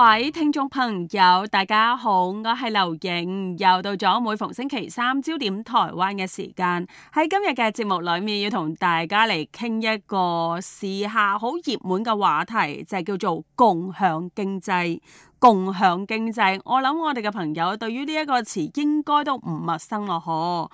各位聽眾朋友，大家好，我係劉穎，又到咗每逢星期三焦點台灣嘅時間。喺今日嘅節目裏面，要同大家嚟傾一個時下好熱門嘅話題，就係叫做共享經濟。共享經濟，我諗我哋嘅朋友對於呢一個詞應該都唔陌生咯，嗬。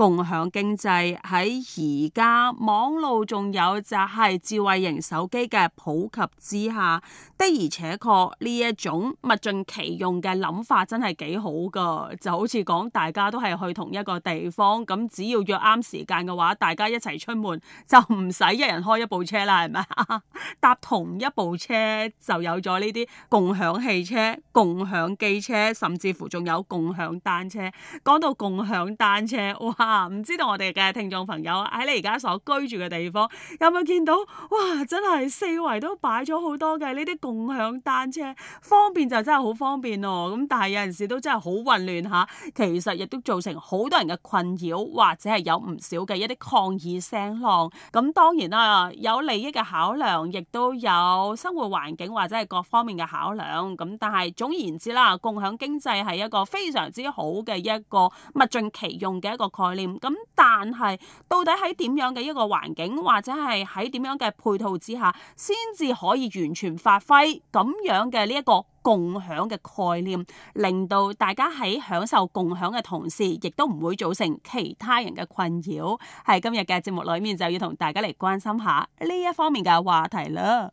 共享經濟喺而家網路仲有就係智慧型手機嘅普及之下，的而且確呢一種物盡其用嘅諗法真係幾好㗎。就好似講大家都係去同一個地方，咁只要約啱時間嘅話，大家一齊出門就唔使一人開一部車啦，係咪？ 搭同一部車就有咗呢啲共享汽車、共享機車，甚至乎仲有共享單車。講到共享單車，哇！啊，唔知道我哋嘅聽眾朋友喺你而家所居住嘅地方有冇見到？哇，真係四圍都擺咗好多嘅呢啲共享單車，方便就真係好方便咯，哦。咁但係有陣時都真係好混亂吓，其實亦都造成好多人嘅困擾，或者係有唔少嘅一啲抗議聲浪。咁當然啦，有利益嘅考量，亦都有生活環境或者係各方面嘅考量。咁但係總而言之啦，共享經濟係一個非常之好嘅一個物盡其用嘅一個概念。咁，但係到底喺點樣嘅一個環境，或者係喺點樣嘅配套之下，先至可以完全發揮咁樣嘅呢一個共享嘅概念，令到大家喺享受共享嘅同時，亦都唔會造成其他人嘅困擾。喺今日嘅節目裏面，就要同大家嚟關心下呢一方面嘅話題啦。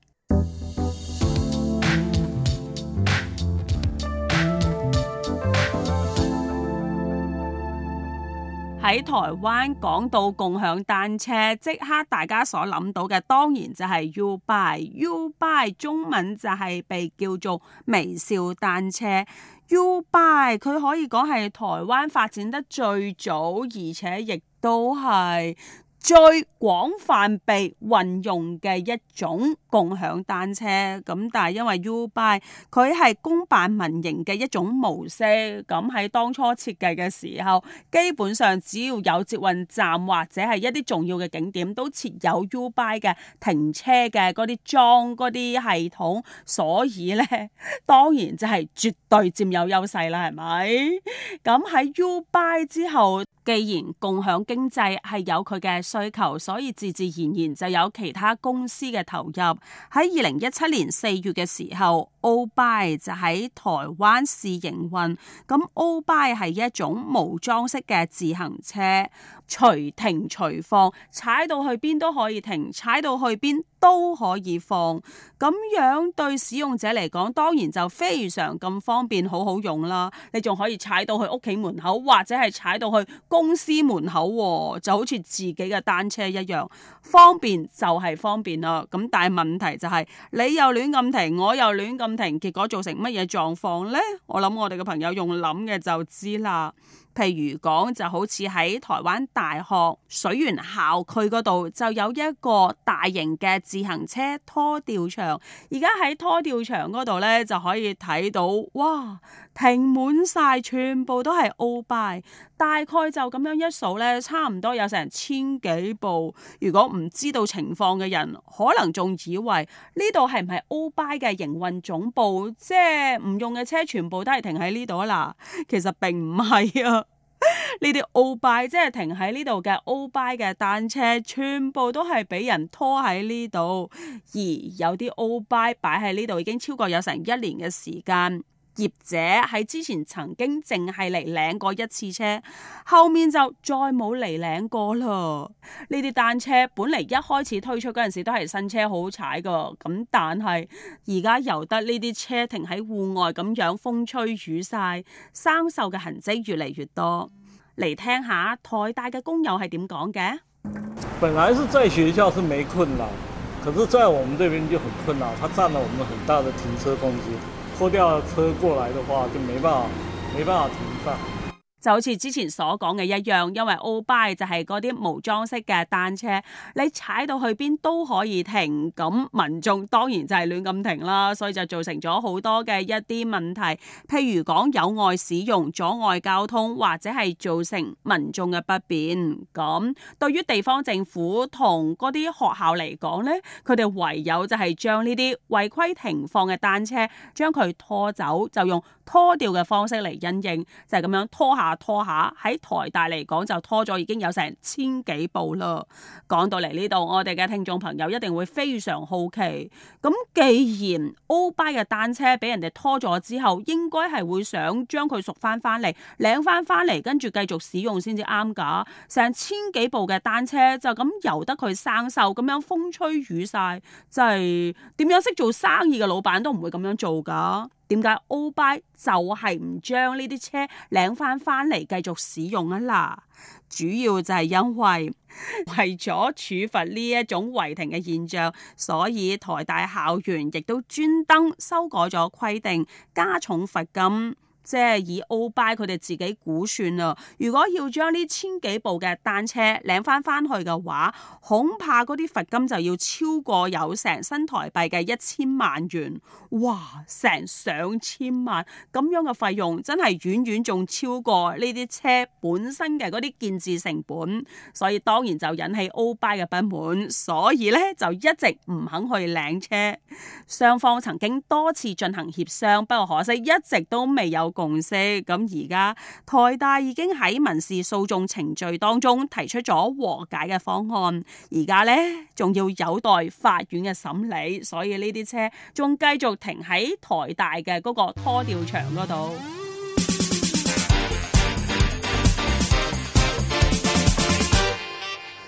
喺台灣講到共享單車，即刻大家所諗到嘅，當然就係 Ubike，Ubike 中文就係被叫做微笑單車，Ubike 佢可以講係台灣發展得最早，而且亦都係。最廣泛被運用嘅一種共享單車，咁但係因為 Ubike 佢係公辦民營嘅一種模式，咁喺當初設計嘅時候，基本上只要有捷運站或者係一啲重要嘅景點，都設有 Ubike 嘅停車嘅嗰啲裝嗰啲系統，所以呢，當然就係絕對佔有優勢啦，係咪？咁喺 Ubike 之後。既然共享經濟係有佢嘅需求，所以自自然然就有其他公司嘅投入。喺二零一七年四月嘅時候 Obike 就喺台灣試營運。咁 Obike 係一種無樁式嘅自行車。隨停隨放，踩到去邊都可以停，踩到去邊都可以放。咁樣對使用者嚟講，當然就非常咁方便，好好用啦。你仲可以踩到去屋企門口，或者係踩到去公司門口，就好似自己嘅單車一樣，方便就係方便啦。咁但係問題就係，你又亂咁停，我又亂咁停，結果造成乜嘢狀況呢？我諗我哋嘅朋友用諗嘅就知啦。譬如講，就好似喺台灣。大學水源校區嗰度就有一個大型嘅自行車拖吊場，而家喺拖吊場嗰度呢，就可以睇到，哇，停滿晒，全部都係 Obike。大概就咁樣一數呢，差唔多有成千幾部。如果唔知道情況嘅人，可能仲以為呢度係唔係 Obike 嘅營運總部，即係唔用嘅車全部都係停喺呢度啊嗱，其實並唔係啊。呢啲 Obike 即係停喺呢度嘅 Obike 嘅單車，全部都係俾人拖喺呢度，而有啲 Obike 擺喺呢度已經超過有成一年嘅時間。業者喺之前曾經淨係嚟領過一次車，後面就再冇嚟領過啦。呢啲單車本嚟一開始推出嗰陣時都係新車，好好踩㗎，咁但係而家由得呢啲車停喺戶外，咁樣風吹雨曬，生鏽嘅痕跡越嚟越多。嚟聽下台大嘅工友係點講嘅。本來是在學校是沒困難，可是在我們這邊就很困難，它佔了我們很大的停車空間。拖吊車過來的話，就沒辦法，沒辦法停放。就好似之前所講嘅一樣，因為 Obike 就係嗰啲無樁式嘅單車，你踩到去邊都可以停。咁民眾當然就係亂咁停啦，所以就造成咗好多嘅一啲問題，譬如講有礙使用、阻礙交通或者係造成民眾嘅不便。咁對於地方政府同嗰啲學校嚟講咧，佢哋唯有就係將呢啲違規停放嘅單車將佢拖走，就用拖掉嘅方式嚟因應就係、是、咁樣拖下。拖下，喺台大嚟講就拖咗已經有成千幾部啦。講到嚟呢度，我哋嘅聽眾朋友一定會非常好奇。咁既然 Obike 嘅單車俾人哋拖咗之後，應該係會想將佢贖翻翻嚟，領翻翻嚟，跟住繼續使用先至啱噶。成千幾部嘅單車就咁由得佢生銹，咁樣風吹雨曬，就係點樣識做生意嘅老闆都唔會咁樣做噶。點解歐巴就係唔將呢啲車領翻翻嚟繼續使用啊啦？主要就係因為 為咗處罰呢一種違停嘅現象，所以台大校園亦都專登修改咗規定，加重罰金。即係以 Obike 佢哋自己估算啊。如果要將呢千幾部嘅單車領翻翻去嘅話，恐怕嗰啲罰金就要超過有成新台幣嘅一千萬元，哇，成上千萬咁樣嘅費用真係遠遠仲超過呢啲車本身嘅嗰啲建置成本，所以當然就引起 Obike 嘅不滿，所以咧就一直唔肯去領車。雙方曾經多次進行協商，不過可惜一直都未有共識。咁而家台大已經喺民事訴訟程序當中提出咗和解嘅方案，而家呢，仲要有待法院嘅審理，所以呢啲車仲繼續停喺台大嘅嗰個拖吊場嗰度。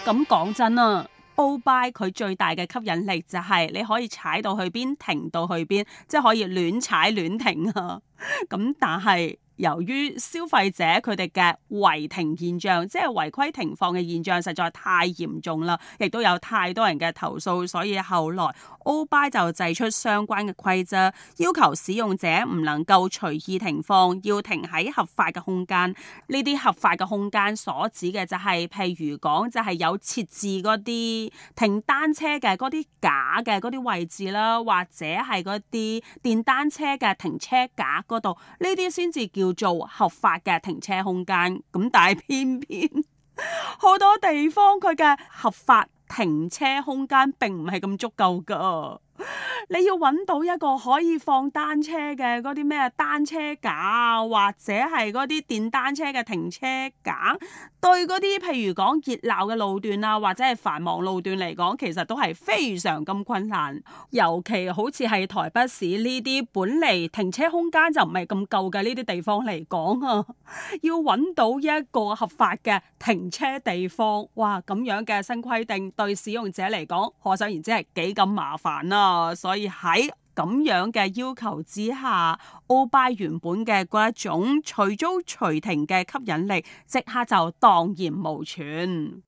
咁講 真啊！Obike 佢最大嘅吸引力就係你可以踩到去邊停到去邊，即係可以亂踩亂停啊！咁但係由於消費者佢哋嘅違停現象，即係違規停放嘅現象實在太嚴重啦，亦都有太多人嘅投訴，所以後來，歐巴就祭出相關嘅規則，要求使用者唔能夠隨意停放，要停喺合法嘅空間。呢啲合法嘅空間所指嘅就係，譬如講就係有設置嗰啲停單車嘅嗰啲架嘅嗰啲位置啦，或者係嗰啲電單車嘅停車架嗰度，呢啲先至叫做合法嘅停車空間。咁但係偏偏好多地方佢嘅合法。停車空間並唔係咁足夠噶。你要揾到一個可以放單車嘅嗰啲咩單車架或者係嗰啲電單車嘅停車架，對嗰啲譬如講熱鬧嘅路段啊，或者係繁忙路段嚟講，其實都係非常咁困難。尤其好似係台北市呢啲本嚟停車空間就唔係咁夠嘅呢啲地方嚟講啊， 要揾到一個合法嘅停車地方，哇！咁樣嘅新規定對使用者嚟講，可想而知係幾咁麻煩啊。哦、所以喺咁樣嘅要求之下，Obike 原本嘅嗰一種隨租隨停嘅吸引力，即刻就蕩然無存。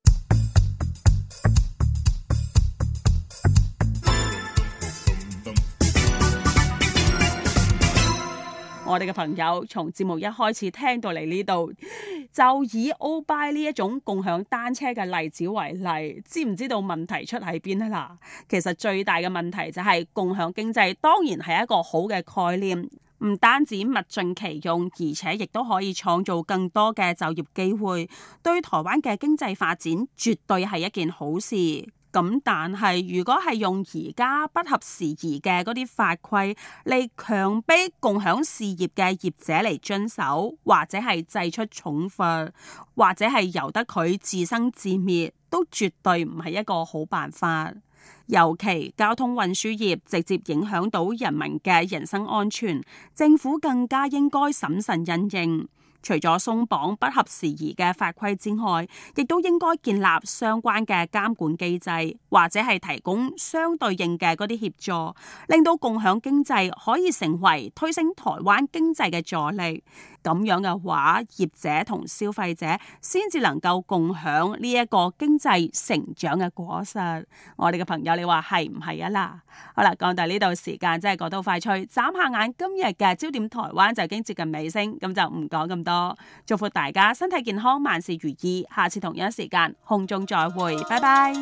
我哋嘅朋友從節目一開始聽到嚟呢度。就以 Obike 呢一種共享單車嘅例子為例，知唔知道問題出喺邊啊？啦，其實最大嘅問題就係、是、共享經濟，當然係一個好嘅概念，唔單止物盡其用，而且亦都可以創造更多嘅就業機會，對台灣嘅經濟發展絕對係一件好事。咁但係如果係用而家不合時宜嘅嗰啲法規嚟強迫共享事業嘅業者嚟遵守，或者係祭出重罰，或者係由得佢自生自滅，都絕對唔係一個好辦法。尤其交通運輸業直接影響到人民嘅人身安全，政府更加應該審慎因應。除咗鬆綁不合時宜嘅法規之外，亦都應該建立相關嘅監管機制，或者係提供相對應嘅嗰啲協助，令到共享經濟可以成為推升台灣經濟嘅助力。咁樣嘅話，業者同消費者先至能夠共享呢一個經濟成長嘅果實。我哋嘅朋友，你話係唔係啊？啦，好啦，講到呢度，時間真係過得快脆，眨下眼，今日嘅焦點台灣就已經接近尾聲，咁就唔講咁多。祝福大家身體健康，萬事如意。下次同樣時間空中再會，拜拜。